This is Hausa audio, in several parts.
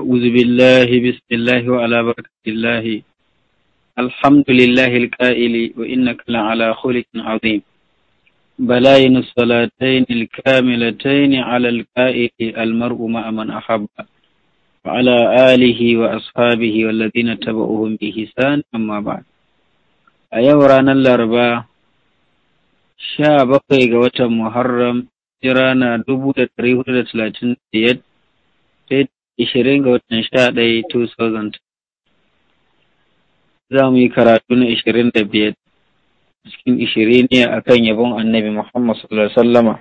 أعوذ بالله بسم الله وعلى بركة الله الحمد لله الكائل وإنك لعلى خلق عظيم بلاين الصلاتين الكاملتين على الكائل المرء مع من أحب وعلى آله وأصحابه والذين تبعوهم بإحسان أما بعد أيورانا الأربعاء sha bakwai ga watan Muharram jira na dubu da ɗari hudu da talatin da biyar sai ishirin ga watan sha ɗaya thousand za mu yi karatu na ishirin da biyar cikin ishirin ne a kan yabon annabi Muhammad sallallahu alaihi wasallama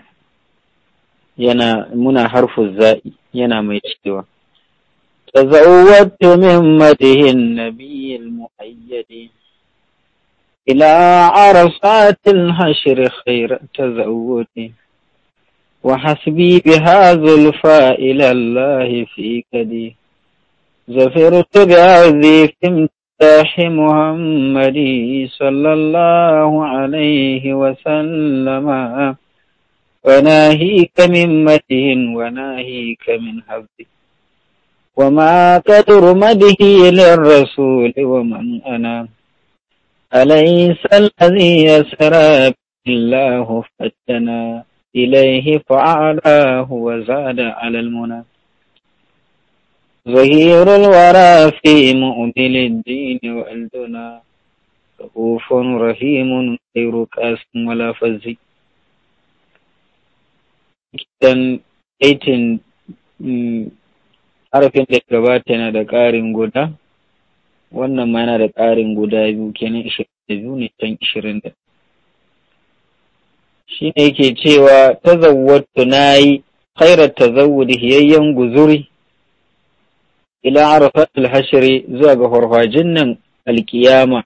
yana muna harfin za'i yana mai cewa تزودت من مده النبي المؤيد إلى عرصات الحشر خير تزودي وحسبي بها زلفى إلى الله في كدي زفرت بعذي في امتاح محمد صلى الله عليه وسلم وناهيك من متين وناهيك من حبه وما كثر مده للرسول ومن أنا أليس الذي يسرى بالله فتنا إليه فأعلاه وزاد على المنى ظهير الورى في مؤمن الدين والدنا رؤوف رحيم غير كاس ولا فزي كتن 18 harafin da gabata yana da ƙarin guda wannan ma yana da ƙarin guda biyu kenan 22 ne 21 shine yake cewa tazawwattu nayi khairat tazawwud hiyayyan guzuri ila arafatul hashri zuwa ga farfajin nan alkiyama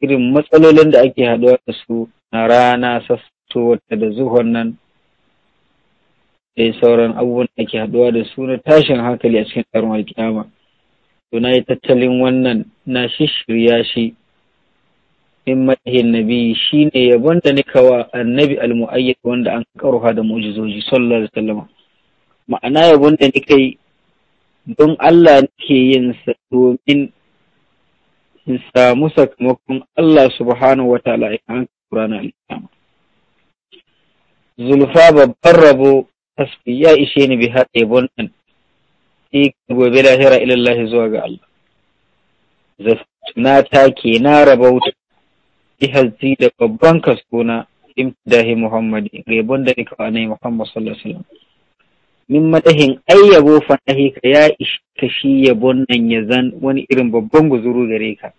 irin matsalolin da ake haɗuwa da su na rana sassato wata da zuhon nan da sauran abubuwan da ake haɗuwa da su na tashin hankali a cikin tsarin alkiyama to yi tattalin wannan na shishirya shi min mahi nabi shi ne yabon da nika wa annabi almu'ayyad wanda an karuha da mu'jizoji sallallahu alaihi wasallam ma'ana yabon da nika yi don Allah nake yin sa domin in samu sakamakon Allah subhanahu wa ta'ala in an ranar alƙiyama zulfa babban rabo tasfiya ya ishe ni bi haɗe yabon ɗin gobe lahira ilallahi zuwa ga Allah na ke na rabauta ihazi da babban kasko na imtidahi muhammadi ga yabon da nika wa nai muhammad sallallahu alaihi min madahin ai yabo ka ya iska shi yabon nan ya zan wani irin babban guzuru gare ka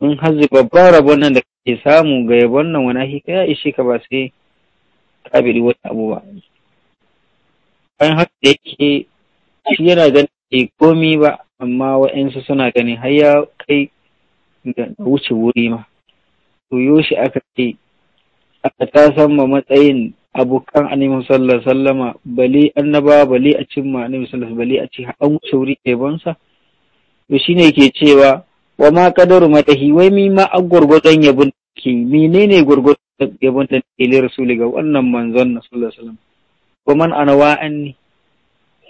in hazi babban rabon nan da kake samu ga yabon nan wani ahi ka ya ishe ka ba sai kabiri bi wani abu ba bayan haka da yake shi yana ganin komi ba amma wa'yansu suna ganin har ya kai da wuce wuri ma koyo shi aka ce aka san ma matsayin abokan annabi sallallahu alaihi wasallama bale annaba bale a cimma annabi sallallahu alaihi bale a ci an wuce wuri ɗebansa to shine yake cewa wa ma qadaru matahi wai mi ma a gurgurdan yabon ke menene gurgurdan yabon da ke rasuli ga wannan manzon na sallallahu alaihi wasallam wa man ana wa anni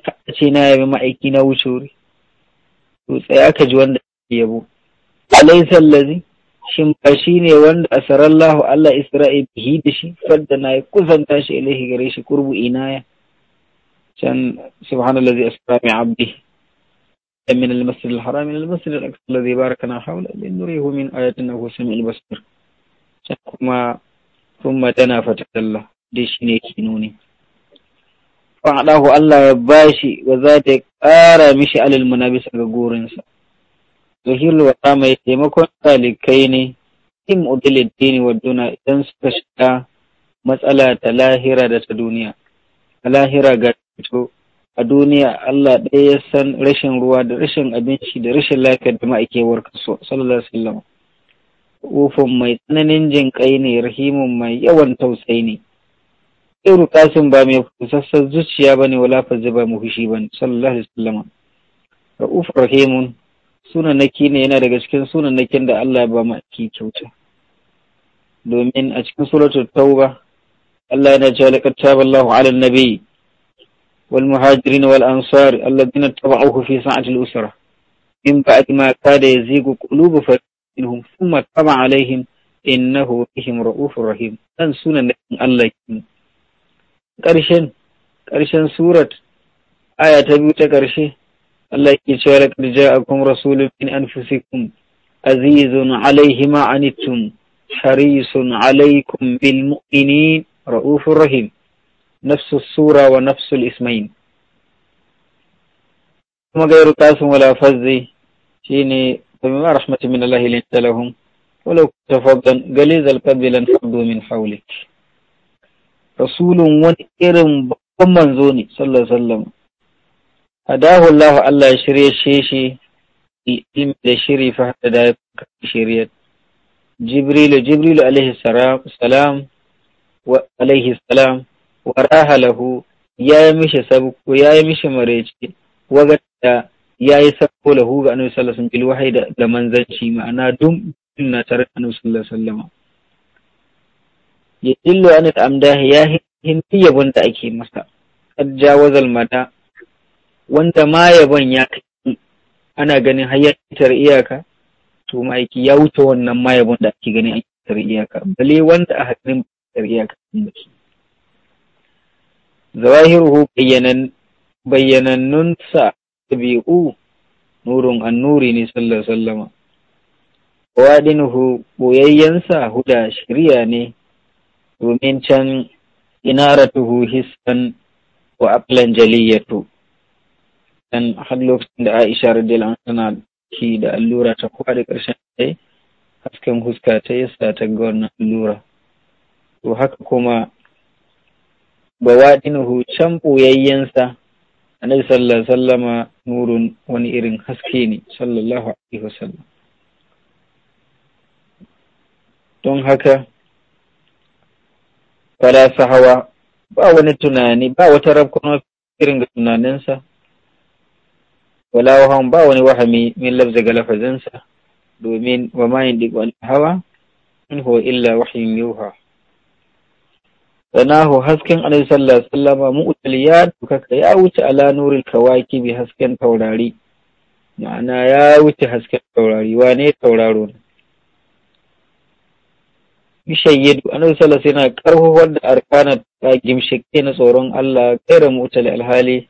ka ce na yabi ma'aiki na wuce wuri to tsaya aka ji wanda ke yabo alaysa allazi shin ba shi ne wanda a sarallahu Allah Isra’i bihi da shi fadda na ya kusanta shi ilahi gare shi kurbu ya. can subhanallah zai asura mai abdi min al-masjid al-haram min al-masjid al-aqsa alladhi baraka na hawla lin nurihu min ayatina wa basir can kuma thumma tana fatalla da shi ne ke nuni Allah ya bashi ba za ta kara mishi alal bisa ga gurinsa zuhil wa mai taimakon talikai ne in udilin wa duna idan suka shiga matsala ta lahira da ta duniya a lahira ga to a duniya Allah ɗaya ya san rashin ruwa da rashin abinci da rashin lafiyar da ma'aikewar kaso sallallahu alaihi wasallam mai tsananin jin kai ne rahimun mai yawan tausayi ne iru kasin ba mai fusassar zuciya ba ne, wala fa zuba mu fushi ne. sallallahu alaihi wasallam rahimun sunanaki ne yana daga cikin sunanakin da Allah ba ba maki kyauta domin a cikin suratul tauba Allah yana cewa laqad Allahu 'ala an-nabi wal muhajirin wal ansar alladhina tabauhu fi sa'ati al-usra min ba'di ma kada yazigu qulubu minhum thumma taba 'alaihim innahu bihim ra'ufur rahim dan sunan Allah kin karshen karshen surat aya ta biyu ta karshe الله يشارك جاءكم رسول من أنفسكم عزيز عليه ما عنتم حريص عليكم بالمؤمنين رؤوف رحيم نفس السورة ونفس الاسمين ثم غير تاسم ولا فزي شيني فبما رحمة من الله لنت لهم ولو كنت فضا قليز القلب لانفضوا من حولك رسول ونير بمن زوني صلى الله عليه وسلم hadahu Allah Allah ya shirye shi shi da shiri fa da ya shirye Jibrilu Jibrilu alaihi salam wa alaihi salam wa rahalahu ya yi mishi sabko ya yi mishi mareci waga da ya yi sabko lahu ga annabi sallallahu alaihi wasallam manzanci ma'ana dum na tare da annabi sallallahu alaihi wasallam ya illu an amdahi ya yabon da ake masa qad wanda ma yaban ya kai ana ganin har ya fitar iyaka to ma'aiki ya wuce wannan ma ban da ake ganin ake fitar iyaka bale wanda a hannun fitar iyaka sun baki zawahiruhu bayyanan nun sa tabi'u nurun annuri ne sallallahu sallama waɗinuhu ɓoyayyensa huda shirya ne domin can inaratuhu hissan wa aflan jaliyatu dan har lokacin da Aisha radiyallahu anha tana ki da allura ta da ƙarshen dai hasken huska ta yasa ta ga wannan allura to haka kuma ba hu can ɓoyayyensa annabi sallallahu alaihi sallama nurun wani irin haske ne sallallahu alaihi wasallam don haka fara sahawa ba wani tunani ba wata rabkon irin ga tunaninsa wala wahan ba wani wahami min labza ga lafazinsa domin wa ma yin wani hawa in huwa illa wahayin yuha sanahu hasken alaihi sallallahu alaihi mu mu'tal ya dukaka ya wuce ala nuril kawaki bi hasken taurari ma'ana ya wuce hasken taurari wane tauraro ne bishayyidu annabi sallallahu alaihi yana karfafa da arkana ta gimshike na tsoron Allah kai kaira mu'tal alhali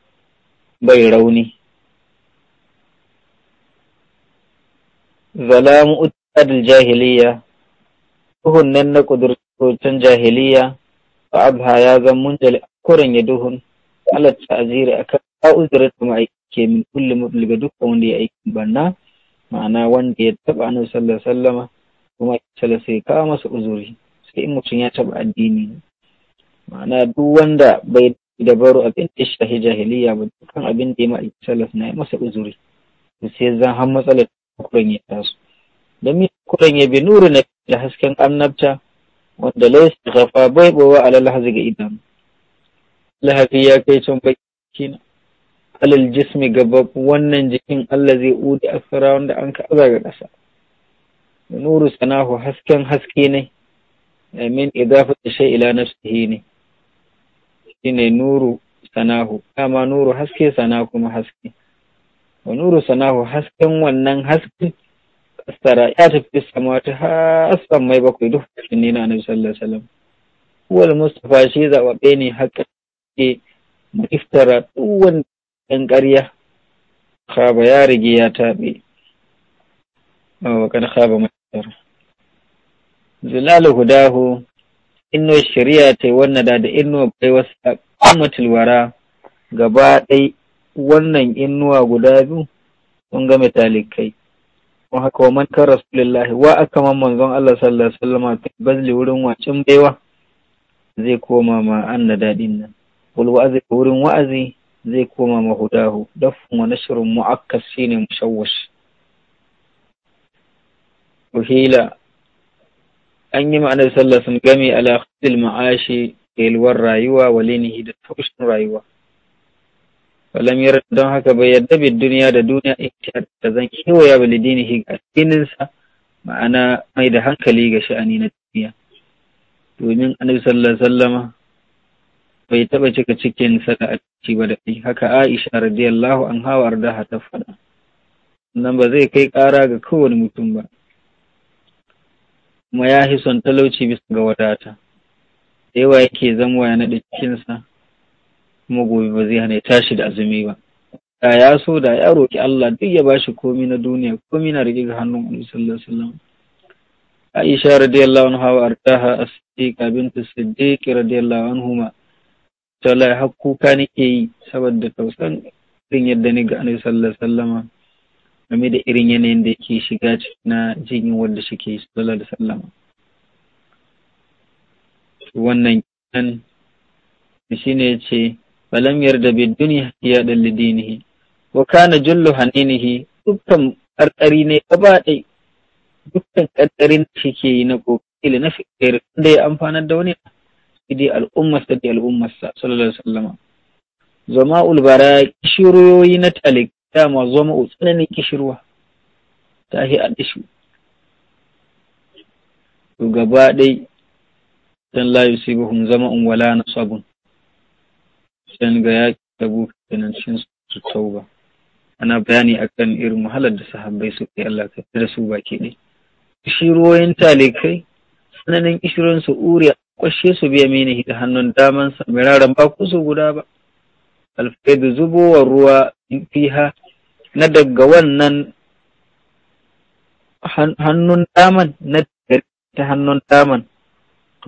bai rauni zalamu utadil jahiliya duhun nan na kudurtocin jahiliya ba abha ya zan munjali kuren ya duhun alat ta'ziri akan ba uzurin da ke min kulli mubli duka wanda ya aiki banna ma'ana wanda ya taba annabi sallallahu sallama kuma ya sai kawo masa uzuri sai in mutum ya taba addini ma'ana duk wanda bai dabaru abin da shahi jahiliya ba dukkan abin da ya ma'aikata sallallahu na masa uzuri sai zan har matsalar kuran ya kuran ya bi nuru na da hasken annabta wanda laisa gafa bai bawa alal hazi ga idan lahafi ya kai can baki na alal jismi gaba wannan jikin Allah zai udi fara wanda an ka aza ga ƙasa nuru sanahu hasken haske ne min da shai ila nafsihi ne shine nuru sanahu kama nuru haske sana kuma haske wa nuru sanahu hasken wannan hasken astara ya tafi sama ta hasan mai bakwai duk cikin nina na annabi sallallahu alaihi wasallam wal mustafa shi zababe ne haka ke iftara duk dan ƙarya khaba ya rige ya tabe wa kan khaba mutar zulalu hudahu inno shari'a ta wannan da da inno bai wasa qamatul wara gaba ɗaya wannan innuwa guda biyu sun ga metalikai wa haka wa man kan rasulillahi wa aka man manzon Allah sallallahu alaihi wasallam ta bazli wurin wacin baiwa zai koma ma anna dadin nan wal wa'azi wurin wa'azi zai koma ma hudahu dafun wa nashrun mu'akkas shine mushawwash uhila an yi ma'anar sallah sun game ala khadil ma'ashi yalwar rayuwa wa linihi da taushin rayuwa falam yar don haka bai yarda bi duniya da duniya ihtiyar da zan kewaya bi lidinihi ga addininsa ma'ana mai da hankali ga sha'ani na duniya domin annabi sallallahu alaihi wasallama bai taba cika cikin sana'aci ba da haka Aisha radiyallahu anha wa ardaha ta faɗa nan ba zai kai ƙara ga kowane mutum ba kuma ya son talauci bisa ga wadata da yawa yake zama ya naɗa cikinsa kuma gobe ba zai hana ya tashi da azumi ba da ya so da ya roki Allah duk ya bashi komi na duniya komi na rike ga hannun Annabi sallallahu alaihi wasallam Aisha radiyallahu anha wa ardaha as-siddiqa bintu siddiq radiyallahu anhuma to la ka nake yi saboda tausan irin yadda ni ga Annabi sallallahu alaihi wasallam game da irin yanayin da yake shiga na jin wanda shike sallallahu alaihi wasallam wannan kenan shine yace walam yarda bi duniya ya dalli dinihi wa kana jullu dukkan karkari ne gaba ɗai dukkan karkarin da shike yi na kokili na fikir da ya amfanar da wani idi al'ummar sa da al'ummar sa sallallahu alaihi wasallam zama ulbara kishiroyoyi na talik dan sun ga ya abu kenan shin su tauba ana bayani akan irin wahalar da sahabbai su kai Allah ka da su baki ne shi talikai tsananin ishirin su uriya kwashe su biya mini hita hannun daman sa miraran ba su guda ba da zubowar ruwa fiha na daga wannan hannun daman na ta hannun daman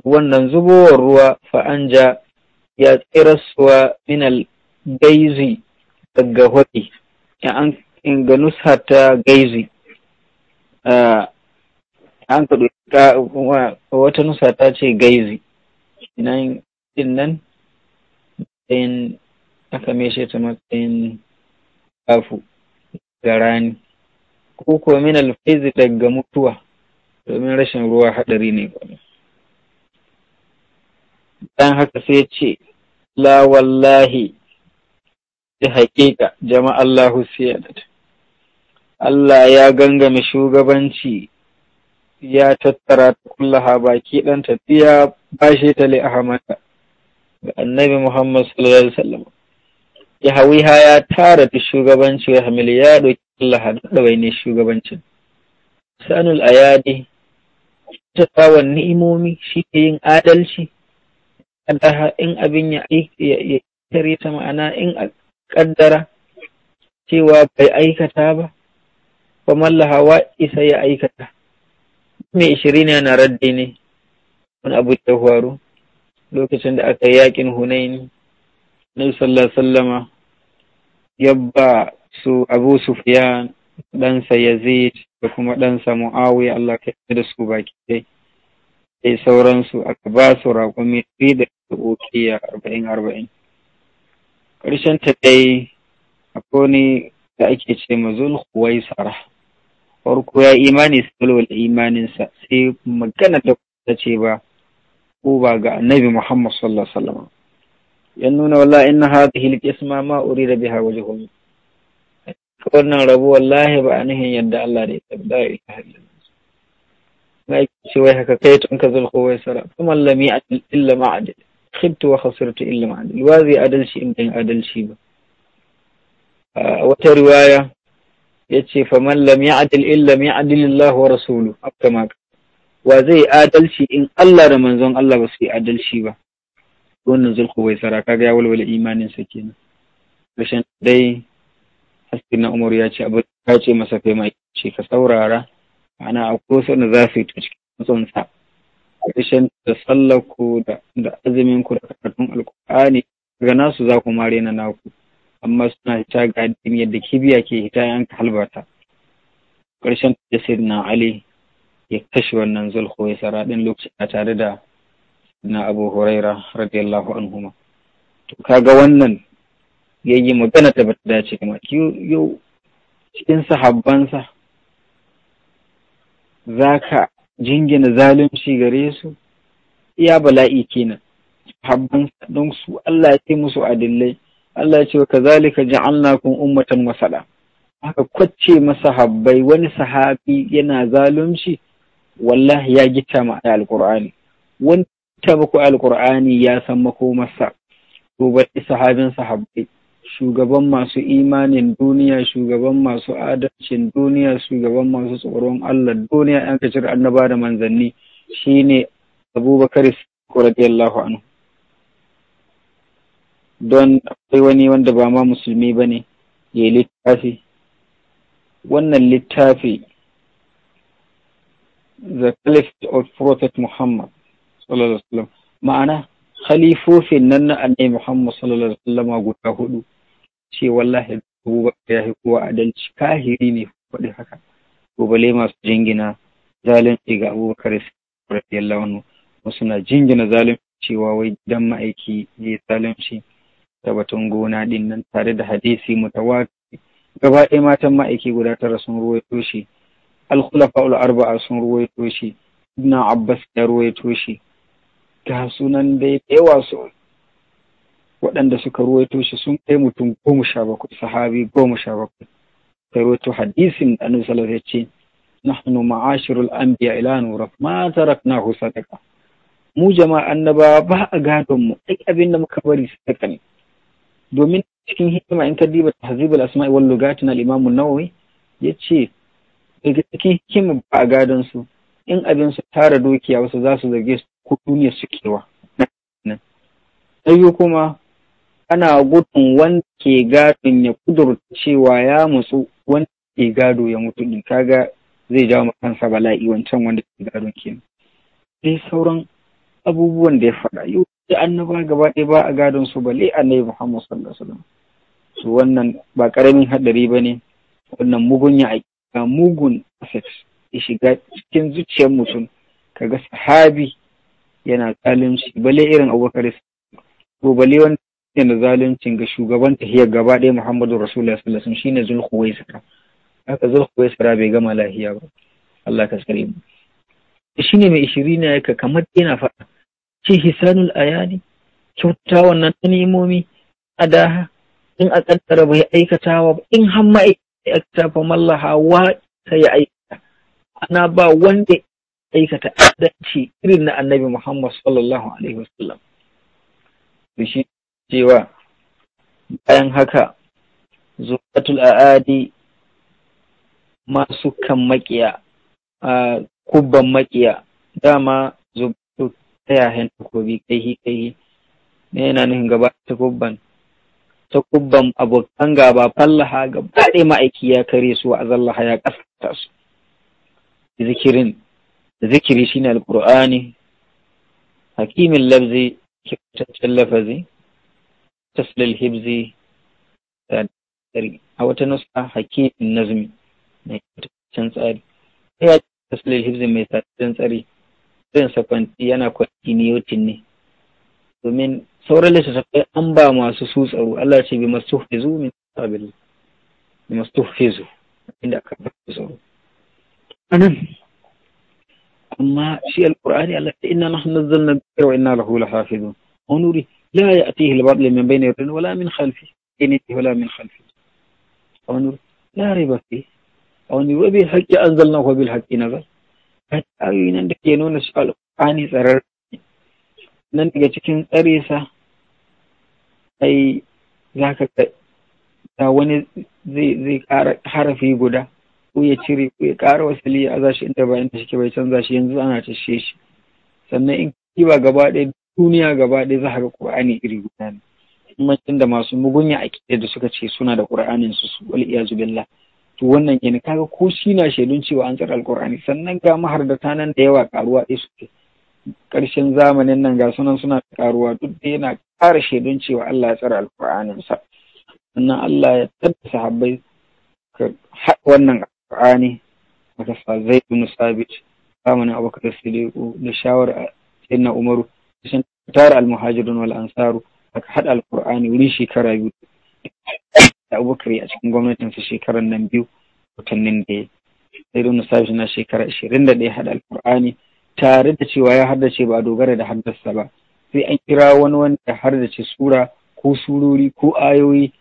wannan zubowar ruwa fa'anja ya tsiraswa minal gaizi daga hori in ga nusa ta gaizi an ka wata nusa ta ce gaizi nan din nan in aka meshe ta matsayin kafu ga rani ko ko min daga mutuwa domin rashin ruwa hadari ne kwanu. dan haka sai ce la wallahi da haƙiƙa jama'an Allahu Allah ya gangame shugabanci ya tattara ta kullaha baki ɗan tafiya bashe ta li Ahmada ga annabi Muhammad sallallahu alaihi wasallam ya ya tara ta shugabanci ya ya ɗauki kullaha da ɗawai ne shugabancin sanul ayadi ta tsawon ni'imomi shi ke yin adalci qaddaha in abin ya ta ma'ana in a kaddara cewa bai aikata ba Ba mallaha wa isa ya aikata mai ishirin na raddi ne wani abu da faru lokacin da aka yi yakin hunaini na sallah sallama yabba su abu fiya ɗansa yazid da kuma ɗansa mu'awiya Allah ka yi da su baki dai sai sauransu aka ba su raƙumi da ukiya arba'in arba'in ƙarshen ta dai akwai wani da ake ce ma zulhuwai sara farko ya imani salwal imaninsa sai magana da ta ce ba ko ba ga annabi muhammad sallallahu alaihi wasallam ya nuna wallahi inna hadhihi alqisma ma urida biha wajhum wannan rabo wallahi ba anihin yadda Allah da ya da ita halin na ce wai haka kai tun ka zulhuwai sara kuma lam ya'til illa ma'adil khibtu wa khasirtu adalci ba wata riwaya yace faman lam ya'dil illa ya'dil Allah wa rasulu kama wa zai adalci in Allah da manzon Allah basu yi adalci ba wannan zulku bai sara kaga ya walwala imanin sa kenan rashin dai haskin na Umar ya ce abu ya ce masa kai ma ce ka saurara ana akwai wasu wanda za su yi cikin tsunsa ƙarshen da sallaku da azumin ku da karatun alkur'ani daga nasu za ku mare na naku amma suna hita ga addini yadda kibiya ke hita yan halbata ƙarshen da na ali ya kashe wannan zulhu ya sara ɗin lokacin a tare da na abu huraira radiyallahu anhuma to kaga wannan ya yi magana ta bata dace kuma yau cikin sahabbansa za ka jingina zalunci gare su iya bala'i kenan habban don su Allah ya ce musu adillai Allah ya ce allah kun ummatan masada. haka kwace masa habbai wani sahabi yana zalunci wallahi ya gita ma alqur'ani wani ta muku alqur'ani ya san makomarsa to bai sahabin sahabbai shugaban masu imanin duniya shugaban masu adalcin duniya shugaban masu tsoron Allah duniya yan kacir annaba da manzanni shine abubakar radiyallahu anhu don akwai wani wanda ba ma musulmi ba ne ya yi littafi wannan littafi the caliph of prophet muhammad sallallahu alaihi wasallam ma'ana khalifofin nan na annabi muhammad sallallahu alaihi wasallam guda hudu ce wallahi ya yi kowa adalci kahiri ne faɗi haka ko bale masu jingina zalunci ga abubakar radiyallahu anhu wasu na jingina zalunci cewa wai dan ma'aiki ya zalunci Da batun gona din nan tare da hadisi mutawati gaba ɗaya matan ma'aiki guda tara sun ruwaito shi ul arba'a sun ruwaito shi ibn abbas ya ruwaito shi ga sunan dai yawa su waɗanda suka ruwaito shi sun kai mutum goma sha bakwai sahabi goma sha bakwai kai ruwaito hadisin da annabi sallallahu alaihi ya ce nahnu ma'ashirul anbiya ila nura ma hu sadaqa mu jama'a annaba ba a gadon mu duk abin da muka bari sadaka ne domin cikin hikima in ka diba tahzibul asma'i wal lugati na al-imam an-nawawi yace daga cikin hikima ba a gadon su in abin su tara dukiya wasu za su zage su ko duniya su kewa na biyu kuma ana gudun wanda ke gadon ya kudurta cewa ya musu wanda ke gado ya mutu din kaga zai jawo kansa bala'i wancan wanda ke gadon kenan dai sauran abubuwan da ya faɗa yau da annaba gaba ɗaya ba a gadon su bale annabi Muhammad sallallahu alaihi wasallam su wannan ba karamin hadari ne. wannan mugun ya aika mugun asset ya shiga cikin zuciyar mutum kaga sahabi yana zalunci bale irin abubakar ko bale wanda da zaluncin ga shugaban tahiyar gaba ɗaya Muhammadu Rasulullah sallallahu alaihi wasallam shine Zulhuwaisara haka Zulhuwaisara bai gama lahiya ba Allah ka tsare mu shine mai ishirina yaka kamar yana faɗa ce hisanul ayani kyauta wannan ta nemomi a daha in a kaddara bai aikatawa ba in har ma'aikata fa mallaha wa ta ya aikata ana ba wanda aikata adalci irin na annabi Muhammad sallallahu alaihi wasallam shi cewa bayan haka zuwatul a'adi masu kan makiya a kubban makiya dama zubatu ta yahen takobi kai kai ne yana nufin gaba ta kubban ta kubban abokan gaba fallaha ga baɗe ma'aiki ya kare su a zallaha ya ƙasa su zikirin zikiri shine alƙur'ani hakimin lafzi kyautaccen lafazi tasdil hibzi eh, a wata nusa hakim nazmi mai can tsari ya tasdil hibzi mai tsarin tsari irin sakwanti yana kwanti yotin ne domin sauran littattafai an ba masu su tsaro Allah ce bi masu hizu min tabil bi masu hizu inda aka ba su tsaro anan amma shi alqur'ani Allah ta inna nahnu nazzalna wa inna lahu lahafizun onuri لا يأتيه البطل من بين يديه ولا من خلفه إنه ولا من خلفه أو لا ريب فيه أو وبالحق أنزلناه وبالحق نزل ayoyi nan da ke nuna shi alƙani tsarar nan daga cikin tsare sa ai za ka ga wani harafi guda ko ya cire ko ya ƙara wasili a zashi inda bayan ta shike bai canza shi yanzu ana tashe shi sannan in kiba gaba ɗaya duniya gaba ɗaya za ga ƙur'ani iri guda ne muhimmancin da masu mugunya a da suka ce suna da ƙur'anin su su wal iyazu billah to wannan kenan kaga ko shi na shaidun cewa an tsara alƙur'ani sannan ga mahardata nan da yawa karuwa ɗaya suke ƙarshen zamanin nan ga sunan suna karuwa duk da yana ƙara shaidun cewa Allah ya tsara alƙur'anin sa sannan Allah ya tabbata sahabbai ka haɗa wannan alƙur'ani maka sa zai ibn sabit zamanin abokan da da sai na umaru sun tara almuhajirun wal ansaru aka haɗa alkur'ani wurin shekara biyu da abubakar a cikin gwamnatinsa shekarar nan biyu watannin da ya sai da nusafi na shekara ashirin da ɗaya haɗa alkur'ani tare da cewa ya haddace ba a dogara da haddasa ba sai an kira wani wanda haddace sura ko surori ko ayoyi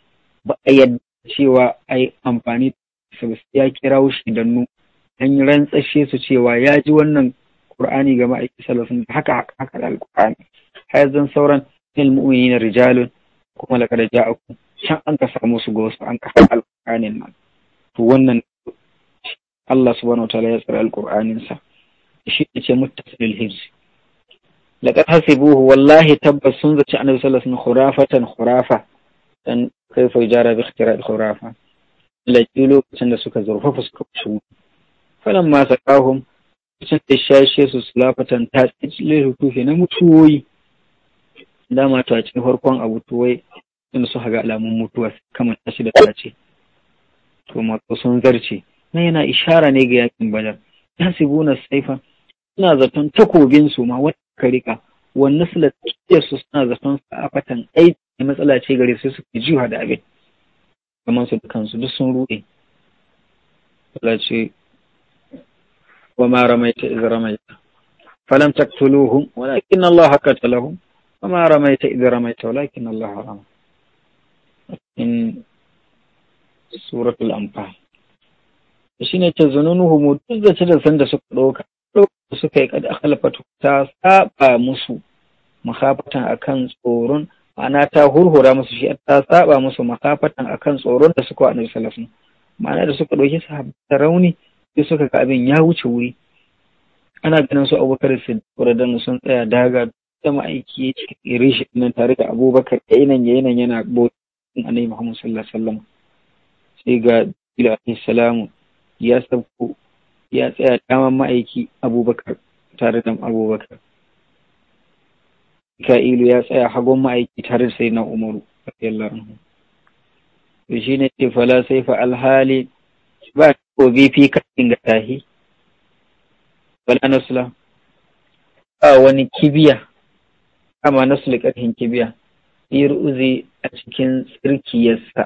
ba a yadda cewa a yi amfani da ya kira shi da nu an rantsashe su cewa ya ji wannan Qur'ani ga ma'aikin da haka haka haka alƙur'ani har zan sauran minal na rijalun kuma laqad ja'akum can an ka samu su ga wasu an ka alƙur'anin nan to wannan Allah subhanahu wa ta'ala ya tsare alƙur'anin sa shi ne ce muttasilil hibs laqad hasibuhu wallahi tabbas sun zaci annabi sallallahu alaihi wasallam khurafatan khurafa dan kaifa jara bi ikhtira'il khurafa laki lokacin da suka zurfafa suka fushu falan ma saqahum sun da su sulafatan ta tsile na mutuwoyi dama to a cikin farkon abu to wai in su haga alamun mutuwa kamar tashi da tace to masu sun zarce na yana ishara ne ga yakin su yasibuna saifa suna zaton takobin su ma wata karika wannan su da su suna zaton sa'afatan aiki matsala ce gare su suke jiwa da abin kamar su kansu duk sun ruɗe Allah ce wa ma ramaita iz ramaita falam taqtuluhum Allah qataluhum وما رميت إذ رميت ولكن الله رمى cikin suratul anfal shine ta zununuhum duk da da san da suka ɗauka suka yi kad akhlafatu ta saba musu makafatan akan tsoron ma'ana ta hurhura musu shi ta saba musu makafatan akan tsoron da suka annabi sallallahu alaihi ma'ana da suka ɗauki sahabbai rauni sai suka ga abin ya wuce wuri ana ganin su abubakar siddiq da sun tsaya daga da ma'aiki ya ci tsere shi nan tare da abubakar ya nan ya nan yana bautin annabi muhammad sallallahu alaihi wasallam sai ga jibril salamu ya sabko ya tsaya daman ma'aiki abubakar tare da abubakar ka'ilu ya tsaya hagon ma'aiki tare da sai na umaru radiyallahu anhu shi shine ce fala sai fa alhali ba ko bifi kafin ga tahi wala nasla a wani kibiya kama na sulƙarhin kibiya fi uzi a cikin tsirkiyarsa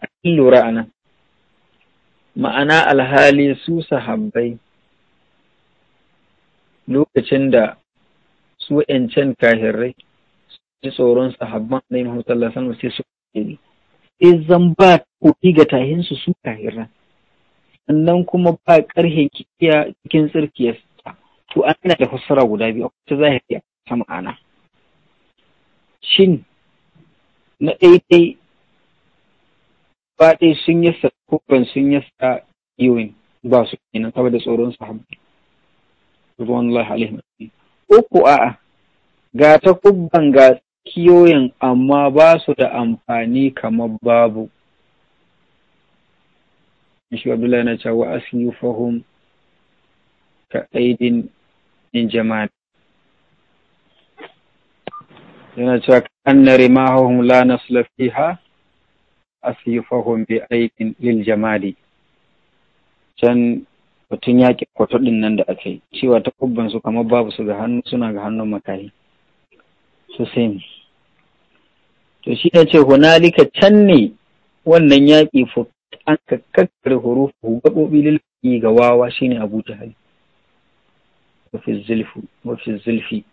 a lura a nan ma'ana alhali su sahabbai lokacin da su ‘yancan kahirrai su ji tsoron sahabban na yin hutsallah sanu sai su kiri sai zan ba kofi ga tahinsu su kahirai sannan kuma ba ƙarhe kiya cikin tsirkiyarsa. to yana da fassara guda biyu akwai ta zahiri a ta ma'ana shin na ɗaiɗai ba ɗai sun yasa ko ban sun sa yiwin ba su kenan da tsoron Allah ruwanullahi alaihim ko ko a'a ga ta kubban ga kiyoyin amma ba su da amfani kamar babu shi abdullahi na cewa yi fahum ka aidin min jama'at yana cewa anna rimahum la nasla a asifahum bi aikin lil jamadi can mutum ya ƙi kwato din nan da aka yi cewa ta kubban su kamar babu su suna ga hannun makari su same to shi ne ce hunalika can ne wannan yaƙi an ka kakkar hurufu gaɓoɓi lil ga wawa shine abu ta hali wafi zulfu wafi zulfi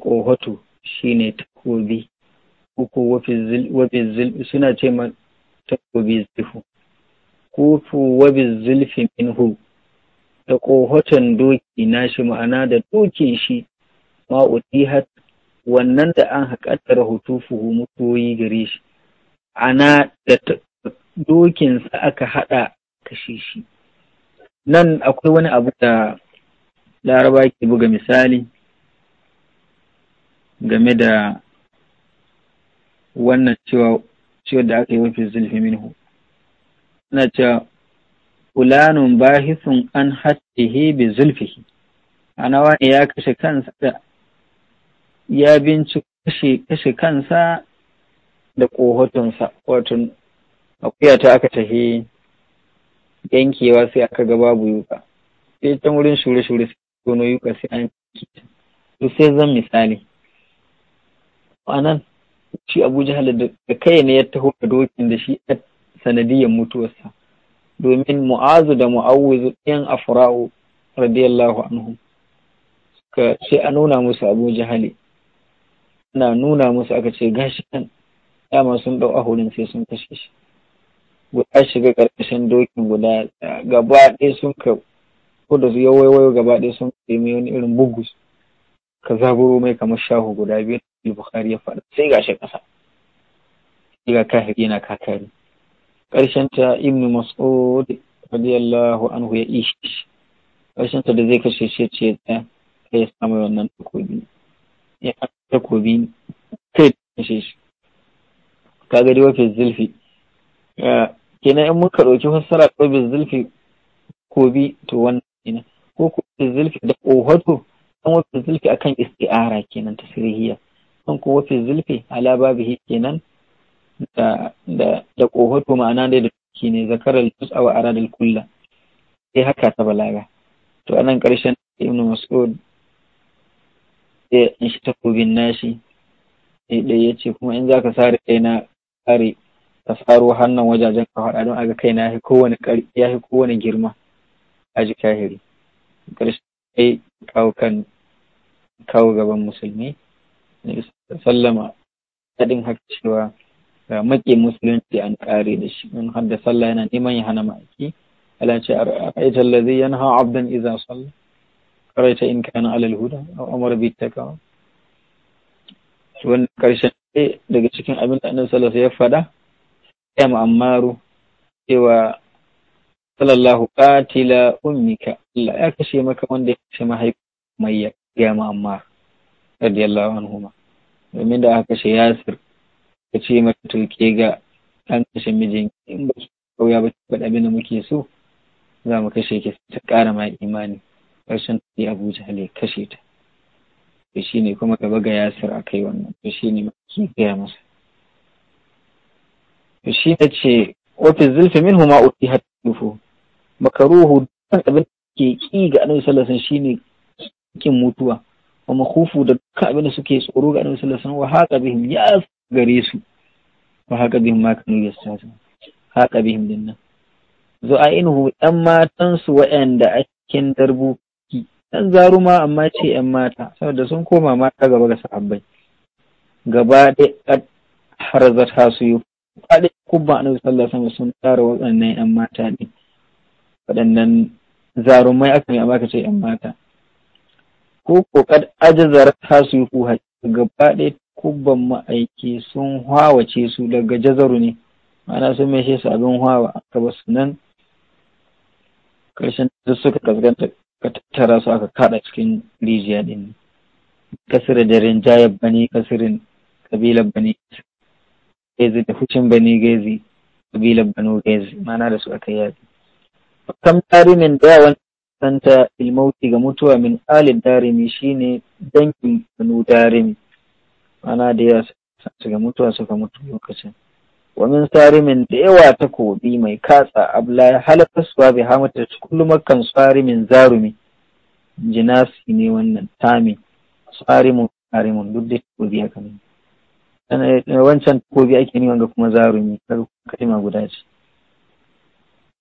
ƙohoto shine takobi uku wafi zulfi suna ce ma takobi zulfu kufu wabi zulfi da ƙohoton doki nashi ma'ana da dokin shi har? wannan da an haƙatar hutufuhu mutuwoyi gare shi ana da dokinsa aka haɗa kashe shi nan akwai wani abu da laraba ke buga misali game da wannan cewa ciwon da aka yi wafi zulfi minhu na cewa fulanun bahisun an hattihi bi zulfihi ana wani ya kashe kansa da ya binci kashe kansa da ƙohotunsa wato akuya ta aka tahi yankewa sai aka ga babu yuka sai can wurin shure-shure gono yi kwasi an to sai zan misali anan shi abu jihar da kai ne ya taho da dokin da shi a sanadiyar mutuwarsa domin mu'azu da mu'awuzu yan furau radiyallahu anhu ka ce a nuna musu abu jihar na nuna musu aka ce gashi kan dama sun a ahurin sai sun kashe shi guda shiga ƙarƙashin dokin guda gaba ɗaya sun ka wanda da su waiwai gaba ɗaya sun mai wani irin bugu ka zaburo mai kamar shahu guda biyar bukhari ya faɗa sai ga shi ƙasa sai ga kahiri yana kakari ƙarshen ta ibnu mas'ud radiyallahu anhu ya ishi ƙarshen ta da zai kashe shi ce ta ya samu wannan takobi ya takobi kai kashe shi kaga dai wafe zulfi kenan in muka ɗauki fassara ɗaubin zulfi ko to wannan kenan ko ku zilfi da ohatu an wafi zilfi akan isti'ara kenan ta sirhiya an ku wafi zilfi ala hi kenan da da da ohatu ma'ana dai da ki ne zakarar juz'a wa aradal kulla sai haka ta balaga to anan karshen ibnu mas'ud sai in shi takobin nashi sai ya yace kuma in zaka sare kaina sare ka saro hannun wajajen ka faɗa don aga kaina ya fi kowane girma aji kahiri karshe kawo kan kawo gaban musulmi sallama daɗin haka cewa ga maƙi musulunci an ƙare da shi in har da sallah yana neman ya hana ma'aiki ala ce a ita lazi yana hawa abdan iza sallah karaita in kana alal huda a umar bi ta kawo wani ƙarshen daga cikin abin da annabi sallallahu ya faɗa ya ma'ammaru cewa sallallahu qatila ummika Allah ya kashe maka wanda ya kashe mahaifi mai ya gama amma radiyallahu ma. domin da aka kashe Yasir ka ce maka to ga ɗan kashe mijin in ba su kauya ba ki faɗa abin da muke so za mu kashe ki ta ƙara ma imani ƙarshen ta yi Abuja ne kashe ta to ne kuma gaba ga Yasir a kai wannan to ne masu gaya masa to shi ne ce wata zulfi min huma uti hatta makaruhu dukkan abin ke ki ga annabi sallallahu alaihi shine kin mutuwa wa makhufu da dukkan abin da suke tsoro ga annabi sallallahu alaihi wa haqa bihim ya gare su wa haqa bihim ma kanu yastasu haqa bihim dinnan inhu ɗan matan su wa'anda a cikin darbuki dan zaruma amma ce yan mata saboda sun koma mata gaba ga sahabbai gaba ɗaya harzata su yi faɗi kubba annabi sallallahu alaihi wasallam sun tsara waɗannan yan mata din waɗannan zarumai aka yi aka ce 'yan mata ko ko ta ajazar yi kuwa gaba ɗaya kubban ma'aiki sun hawace su daga jazaru ne ma'ana sun mai shi abin hawa aka ba su nan ƙarshen da suka kaskanta ka tattara su aka kada cikin rijiya ɗin. kasirin da rinjayar bani kasirin kabilar bani gezi, da hucin bani gezi, kabilar banu gezi, mana da su aka yi kam darimin da yawan santa ilmauti ga mutuwa min alin darimi shine dangin banu darimi ana da yawa su ga mutuwa suka mutu lokacin wamin sarimin da yawa ta kobi mai katsa abla halafarsuwa bai hamata kullum makan sarimin zarumi jinasi ne wannan tami sarimun sarimun duk da kobi haka ne wancan takobi ake neman ga kuma zarumi kar kalma guda ce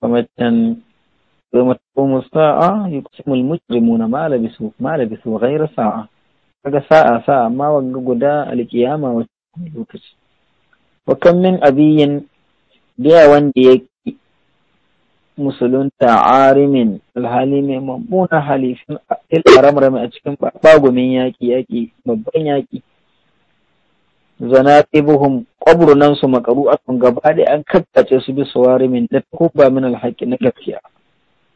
kamar can يوم تقوم الساعة يقسم المجرمون ما لبثوا ما لبثوا غير ساعة kaga sa'a sa'a ma wanga guda alkiyama wata lokaci wa kan min abiyin biya wanda ya musulunta arimin alhali mai mummuna halifin ilharamrami a cikin bagumin yaƙi yaƙi babban yaƙi zana tsibuhum su makaru akan gaba da an kakkace su bisa warimin da ta min alhaƙi na gaskiya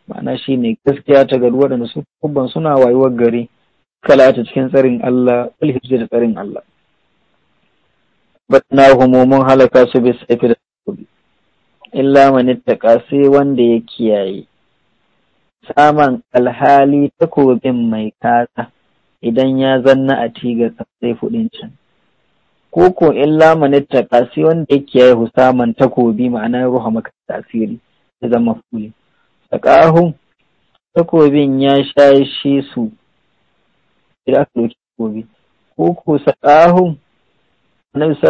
ma'ana shi ne gaskiya ta gari waɗanda su kubban suna wayuwar gari kala ta cikin tsarin Allah ulhijja da tsarin Allah batna humumun halaka su bi saifi da takobi illa mani taka sai wanda ya kiyaye saman alhali takobin mai kasa idan ya zanna a tiga sai fudin can ko ko illa mani wanda ya kiyaye husaman takobi ma'ana ruha maka tasiri ya zama fulin da ƙaho takobin ya shashe su idan aka ɗauki takobi ko ko sa ƙaho na alaihi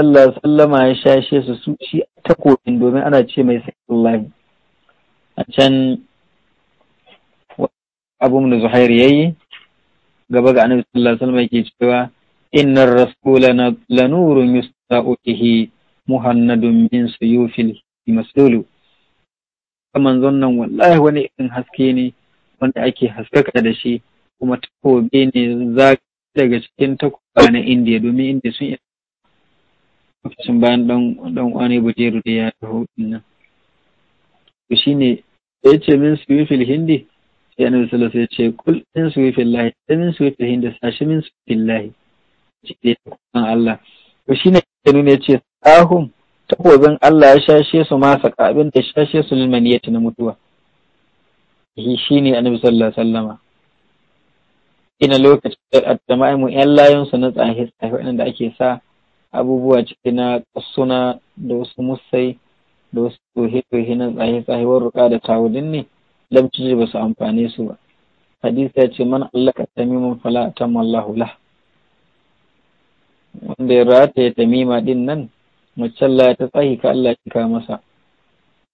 sallama ya shashe su su shi takobin domin ana ce mai sallallahi a can abun da zuhair yayi gaba ga annabi sallallahu alaihi sallama yake cewa innar rasula lanurun yusta'u bihi muhannadun min suyufil masdulu manzon nan wallahi wani irin haske ne wanda ake haskaka da shi kuma takobi ne za daga cikin takoba na indiya domin inda sun yi lokacin bayan dan wani bujeru da ya taho nan to shine ya ce min suwifil hindi sai da salasa ya ce kul in suwifil lahi da min suwifil hindi sashi min suwifil lahi ce Allah to shine ya nuna ya ce sahum takobin Allah ya shashe su masa abin ta shashe su lilmaniyati na mutuwa shi ne annabi sallallahu alaihi wasallama ina lokacin da mu yan layunsu na tsahi tsahi waɗanda ake sa abubuwa ciki na kasuna da wasu musai da wasu tohe-tohe na tsahi-tsahi wa ruka da tawudin ne lamciji ba su amfane su ba hadisi ya ce man Allah ka tamimin fala ta mallahu la wanda ya rata ya tamima din nan mace ta tsahi ka Allah ya masa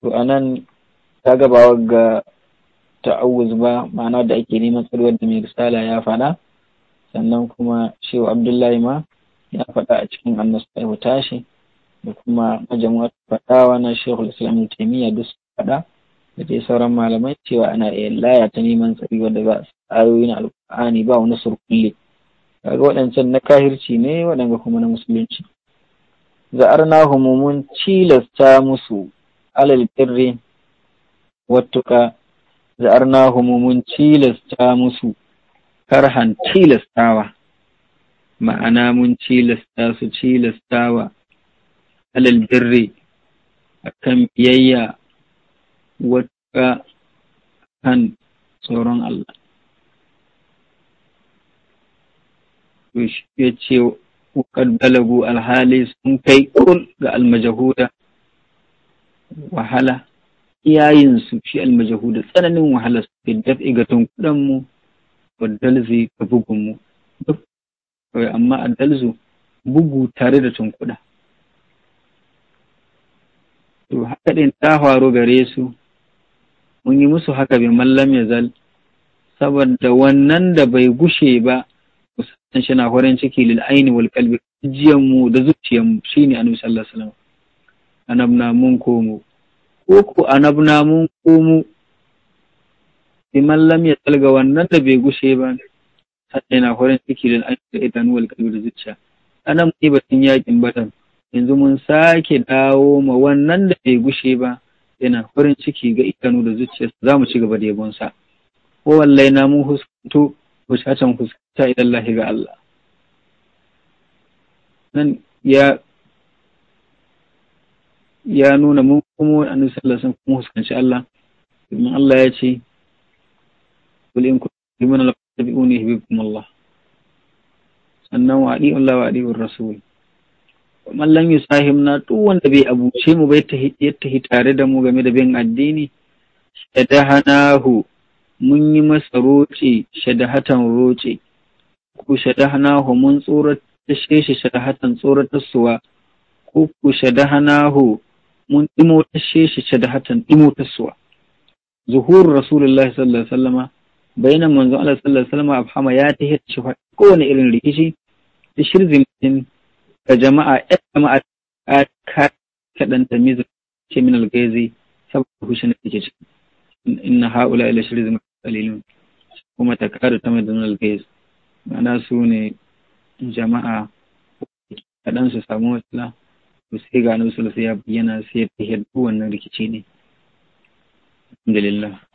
to anan ta gabawa ga ta'awuz ba ma'ana da ake neman tsarwar da mai risala ya faɗa sannan kuma shehu abdullahi ma ya faɗa a cikin annas taihu tashi da kuma majamuwar faɗawa na shehu islam taimiyya duk su faɗa da dai sauran malamai cewa ana iya laya ta neman tsari wanda ba a ayoyi na alƙur'ani ba wani surkulle kaga waɗancan na kahirci ne waɗanga kuma na musulunci za'arnahum mun cilasta musu alal kirri wattuka za'arnahum mun cilasta musu karhan cilastawa ma'ana mun cilasta su cilastawa alal birri akan biyayya wata kan tsoron Allah. To shi ya ce wa kad balagu alhali sun kai kurul ga almajahuda wahala Iyayinsu su shi almajahuda tsananin wahala su fi ga tunkudan mu wa dalzi ga bugun mu duk amma addalzu bugu tare da tunkuda to haka din ta faru gare su mun yi musu haka bi mallam ya zal saboda wannan da bai gushe ba dan shi na horon ciki lil aini wal kalbi jiyan mu da zuciyan mu shine annabi sallallahu alaihi wasallam anabna mun komo ko ko anabna mun komo liman lam ya talga wannan da bai gushe ba sai na horon ciki lil aini da idan wal kalbi da zuciya anan mu batun yakin batan yanzu mun sake dawo ma wannan da bai gushe ba yana farin ciki ga idanu da zuciya za mu ci gaba da yabonsa ko wallai na mun huskanto ko shacan huska ta ilallahi ga Allah nan ya nuna mun kuma wani annabi sallallahu alaihi kuma huskanci Allah domin Allah ya ce qul in kuntum min al-tabi'uni yuhibbukum Allah sannan wa ɗi Allah wa ɗi wa rasul man lam yusahim na duk wanda bai abuce mu bai tahi tare da mu game da bin addini shadahanahu mun yi masa roce shadahatan roce ku shadahnahu mun tsoratashe shi shadahatan tsoratarsuwa ko ku shadahnahu mun dimotashe shi shadahatan dimotarsuwa zuhur rasulullahi sallallahu alaihi wasallama bayanan manzon Allah sallallahu alaihi wasallama afhama ya ta hita shi kowane irin rikici da shirzimin ga jama'a ya jama'a ka kaɗan tamizu ce min algaizi saboda hushin da ke ciki inna ha'ula ila shirzimin qalilun kuma ta kada tamizu min algaizi mana su ne jama'a kaɗan su samu matsala to sai ga annabi sallallahu alaihi bayyana sai ya tafi wannan rikici ne alhamdulillah